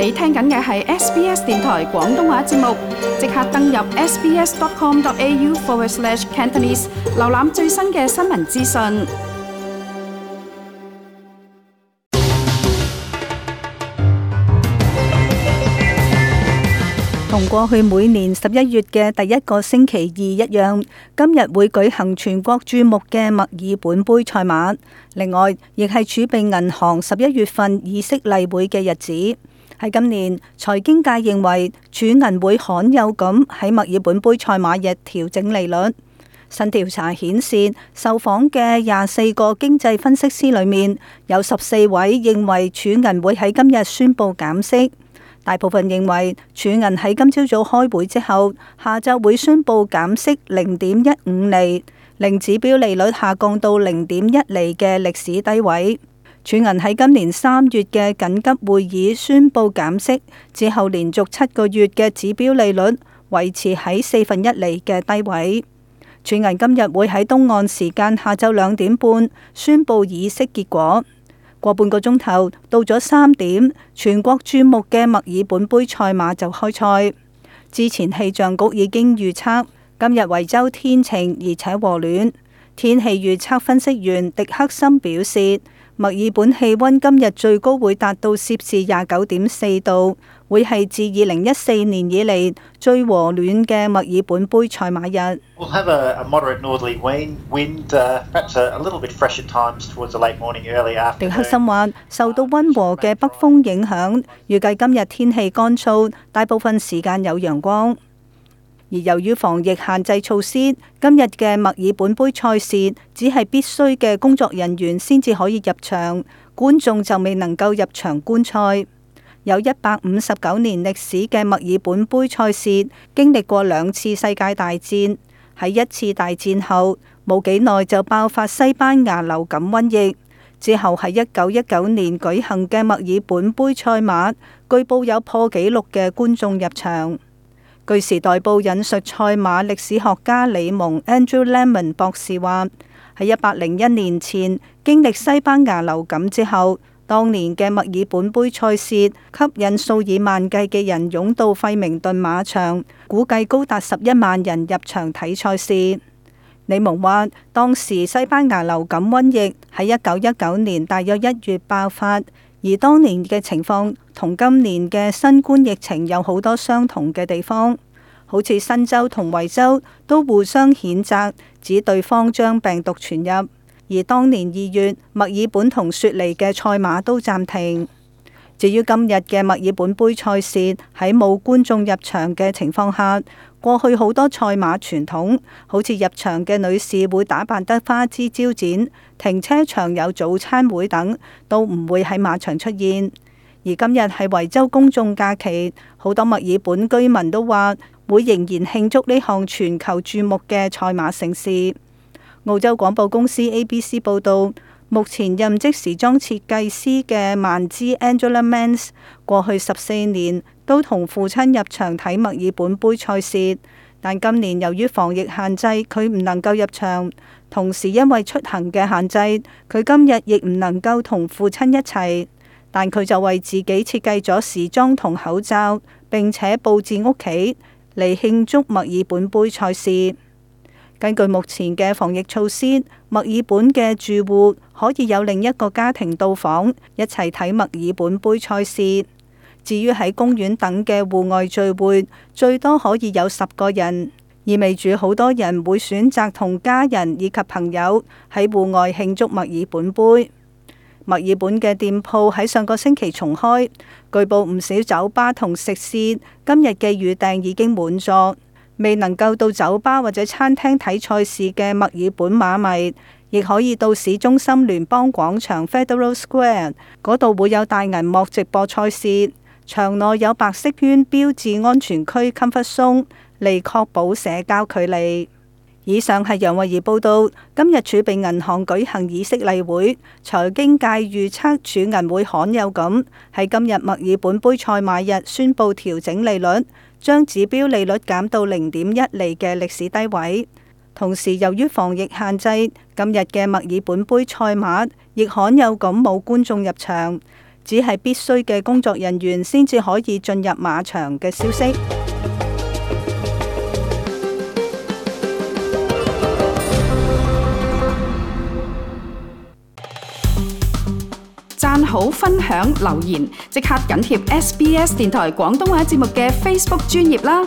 你聽緊嘅係 SBS 電台廣東話節目，即刻登入 sbs.com.au/cantonese 瀏覽最新嘅新聞資訊。同過去每年十一月嘅第一個星期二一樣，今日會舉行全國注目嘅墨爾本杯賽馬。另外，亦係儲備銀行十一月份議息例會嘅日子。喺今年，財經界認為儲銀會罕有咁喺墨爾本盃賽馬日調整利率。新調查顯示，受訪嘅廿四個經濟分析師裏面，有十四位認為儲銀會喺今日宣布減息。大部分認為儲銀喺今朝早開會之後，下晝會宣布減息零點一五厘，令指標利率下降到零點一厘嘅歷史低位。儲銀喺今年三月嘅緊急會議宣布減息，之後連續七個月嘅指標利率維持喺四分一厘嘅低位。儲銀今日會喺東岸時間下晝兩點半宣布議息結果。過半個鐘頭到咗三點，全國注目嘅墨爾本杯賽馬就開賽。之前氣象局已經預測今日維州天晴而且和暖。天氣預測分析員狄克森表示。墨爾本氣溫今日最高會達到攝氏廿九點四度，會係自二零一四年以嚟最和暖嘅墨爾本盃賽馬日。迪克森話：受到温和嘅北風影響，預計今日天氣乾燥，大部分時間有陽光。而由於防疫限制措施，今日嘅墨爾本杯賽事只係必須嘅工作人員先至可以入場，觀眾就未能夠入場觀賽。有一百五十九年歷史嘅墨爾本杯賽事，經歷過兩次世界大戰。喺一次大戰後，冇幾耐就爆發西班牙流感瘟疫。之後喺一九一九年舉行嘅墨爾本杯賽馬，據報有破紀錄嘅觀眾入場。據《時代報》引述賽馬歷史學家李蒙 （Andrew Lemon） 博士話，喺一百零一年前經歷西班牙流感之後，當年嘅墨爾本杯賽事吸引數以萬計嘅人湧到費明頓馬場，估計高達十一萬人入場睇賽事。李蒙話，當時西班牙流感瘟疫喺一九一九年大約一月爆發。而當年嘅情況同今年嘅新冠疫情有好多相同嘅地方，好似新州同維州都互相譴責，指對方將病毒傳入。而當年二月，墨爾本同雪梨嘅賽馬都暫停。至於今日嘅墨爾本杯賽事，喺冇觀眾入場嘅情況下。過去好多賽馬傳統，好似入場嘅女士會打扮得花枝招展，停車場有早餐會等，都唔會喺馬場出現。而今日係維州公眾假期，好多墨爾本居民都話會仍然慶祝呢項全球注目嘅賽馬盛事。澳洲廣播公司 ABC 報道。目前任職時裝設計師嘅萬芝 Angela Mans 過去十四年都同父親入場睇墨爾本杯賽事，但今年由於防疫限制，佢唔能夠入場，同時因為出行嘅限制，佢今日亦唔能夠同父親一齊，但佢就為自己設計咗時裝同口罩，並且佈置屋企嚟慶祝墨爾本杯賽事。根據目前嘅防疫措施，墨爾本嘅住戶可以有另一個家庭到訪，一齊睇墨爾本杯賽事。至於喺公園等嘅戶外聚會，最多可以有十個人，意味住好多人會選擇同家人以及朋友喺戶外慶祝墨爾本杯。墨爾本嘅店鋪喺上個星期重開，據報唔少酒吧同食肆今日嘅預訂已經滿座。未能夠到酒吧或者餐廳睇賽事嘅墨爾本馬迷，亦可以到市中心聯邦廣場 （Federal Square） 嗰度會有大銀幕直播賽事，場內有白色圈標誌安全區 comfort zone 嚟確保社交距離。以上係楊蕙而報道，今日儲備銀行舉行議息例會，財經界預測儲銀會罕有咁喺今日墨爾本盃賽馬日宣布調整利率，將指標利率減到零點一厘嘅歷史低位。同時，由於防疫限制，今日嘅墨爾本盃賽馬亦罕有咁冇觀眾入場，只係必須嘅工作人員先至可以進入馬場嘅消息。讚好、分享、留言，即刻緊貼 SBS 電台廣東話節目嘅 Facebook 專頁啦！